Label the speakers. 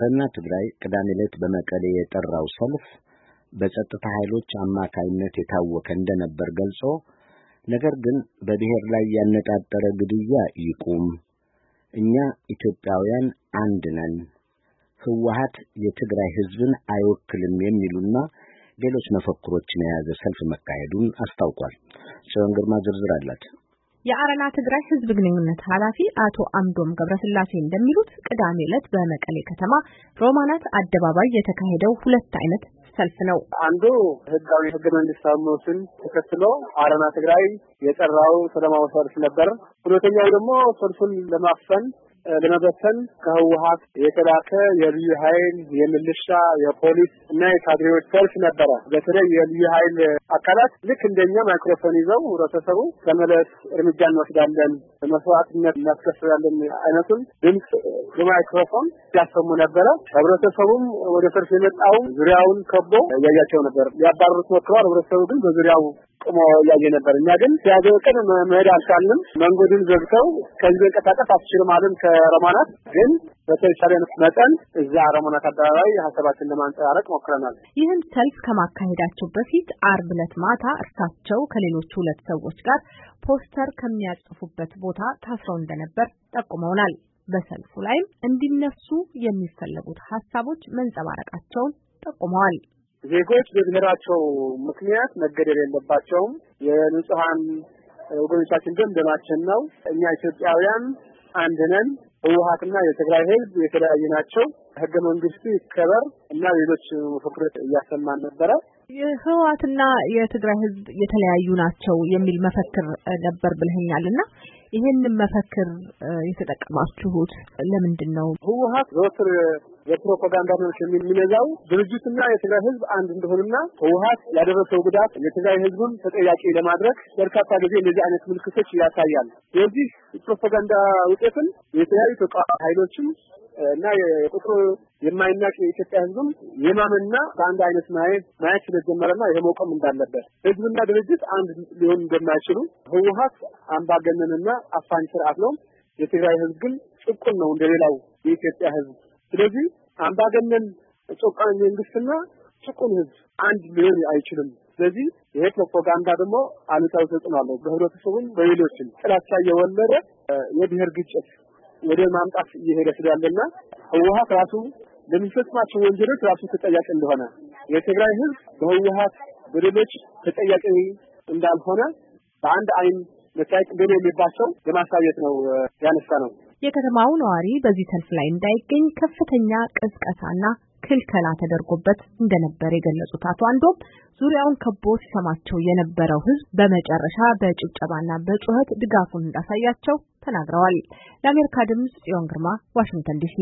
Speaker 1: አረና ትግራይ ቅዳሜ ዕለት በመቀሌ የጠራው ሰልፍ በጸጥታ ኃይሎች አማካይነት የታወከ እንደነበር ገልጾ ነገር ግን በብሔር ላይ ያነጣጠረ ግድያ ይቁም፣ እኛ ኢትዮጵያውያን አንድ ነን፣ ህወሀት የትግራይ ህዝብን አይወክልም የሚሉና ሌሎች መፈክሮችን የያዘ ሰልፍ መካሄዱን አስታውቋል። ጽዮን ግርማ ዝርዝር አላት።
Speaker 2: የአረና ትግራይ ህዝብ ግንኙነት ኃላፊ አቶ አምዶም ገብረስላሴ እንደሚሉት ቅዳሜ ዕለት በመቀሌ ከተማ ሮማናት አደባባይ የተካሄደው ሁለት አይነት ሰልፍ ነው። አንዱ
Speaker 3: ህጋዊ ህገ መንግስት ተከትሎ አረና ትግራይ የጠራው ሰላማዊ ሰልፍ ነበር። ሁለተኛው ደግሞ ሰልፉን ለማፈን ለመበተን ከህወሀት የተላከ የልዩ ኃይል የምልሻ የፖሊስ እና የካድሬዎች ሰልፍ ነበረ። በተለይ የልዩ ኃይል አካላት ልክ እንደኛ ማይክሮፎን ይዘው ህብረተሰቡ ተመለስ፣ እርምጃ እንወስዳለን፣ መስዋዕትነት እናስከፍላለን አይነቱን ድምፅ በማይክሮፎን ሲያሰሙ ነበረ። ህብረተሰቡም ወደ ሰልፍ የመጣውም ዙሪያውን ከቦ እያያቸው ነበር። ሊያባረሩት ሞክረዋል። ህብረተሰቡ ግን በዙሪያው ቆሞ እያየ ነበር። እኛ ግን ያዘው ቀን መሄድ አልቻልንም። መንገዱን ዘግተው ከዚህ መንቀሳቀስ አትችልም አሉን ከረማናት። ግን በተቻለ መጠን እዛ ረማናት አደባባይ ሀሳባችን ለማንጸባረቅ ሞክረናል።
Speaker 2: ይህን ሰልፍ ከማካሄዳቸው በፊት አርብ ዕለት ማታ እርሳቸው ከሌሎች ሁለት ሰዎች ጋር ፖስተር ከሚያጽፉበት ቦታ ታስረው እንደነበር ጠቁመውናል። በሰልፉ ላይም እንዲነሱ የሚፈለጉት ሀሳቦች መንጸባረቃቸውን ጠቁመዋል።
Speaker 3: ዜጎች በብሔራቸው ምክንያት መገደል የለባቸውም። የንጹሀን ወገኖቻችን ደም ደማችን ነው። እኛ ኢትዮጵያውያን አንድ ነን። ህወሀትና የትግራይ ህዝብ የተለያዩ ናቸው። ህገ መንግስቱ ይከበር እና ሌሎች መፈክሮች እያሰማን ነበረ።
Speaker 2: ህወሀትና የትግራይ ህዝብ የተለያዩ ናቸው የሚል መፈክር ነበር ብልህኛል እና ይህንን መፈክር የተጠቀማችሁት ለምንድን ነው?
Speaker 3: ህወሀት ዘወትር የፕሮፓጋንዳ ነው የሚነዛው ድርጅትና የትግራይ ህዝብ አንድ እንደሆነና ህወሓት ያደረሰው ጉዳት የትግራይ ህዝብን ተጠያቂ ለማድረግ በርካታ ጊዜ እንደዚህ አይነት ምልክቶች ያሳያል። የዚህ ፕሮፓጋንዳ ውጤትን የተለያዩ ተቃዋሚ ኃይሎችም እና የቁጥሩ የማይናቅ የኢትዮጵያ ህዝብም የማመንና በአንድ አይነት ማየት ማየት ስለጀመረና ይሄ መቆም እንዳለበት ህዝብና ድርጅት አንድ ሊሆን እንደማይችሉ ህወሀት አምባገነንና አፋኝ ስርዓት ነው። የትግራይ ህዝብ ግን ጭቁን ነው እንደሌላው የኢትዮጵያ ህዝብ ስለዚህ አምባገነን ጨቋኝ መንግስትና ጭቁን ህዝብ አንድ ሊሆን አይችልም። ስለዚህ ይሄ ፕሮፓጋንዳ ደግሞ አሉታዊ ተጽዕኖ አለው፣ በህብረተሰቡም በሌሎችም ጥላቻ እየወለደ የብሔር ግጭት ወደ ማምጣት እየሄደ ስላለና ህወሀት ራሱ ለሚፈጽማቸው ወንጀሎች ራሱ ተጠያቂ እንደሆነ የትግራይ ህዝብ በህወሀት በሌሎች ተጠያቂ እንዳልሆነ በአንድ አይን መታየቅ ብሎ ለማሳየት ነው ያነሳ ነው።
Speaker 2: የከተማው ነዋሪ በዚህ ሰልፍ ላይ እንዳይገኝ ከፍተኛ ቅስቀሳና ክልከላ ተደርጎበት እንደነበር የገለጹት አቶ አንዶም ዙሪያውን ከቦ ሲሰማቸው የነበረው ሕዝብ በመጨረሻ በጭብጨባና በጩኸት ድጋፉን እንዳሳያቸው ተናግረዋል። ለአሜሪካ ድምጽ ጽዮን ግርማ ዋሽንግተን ዲሲ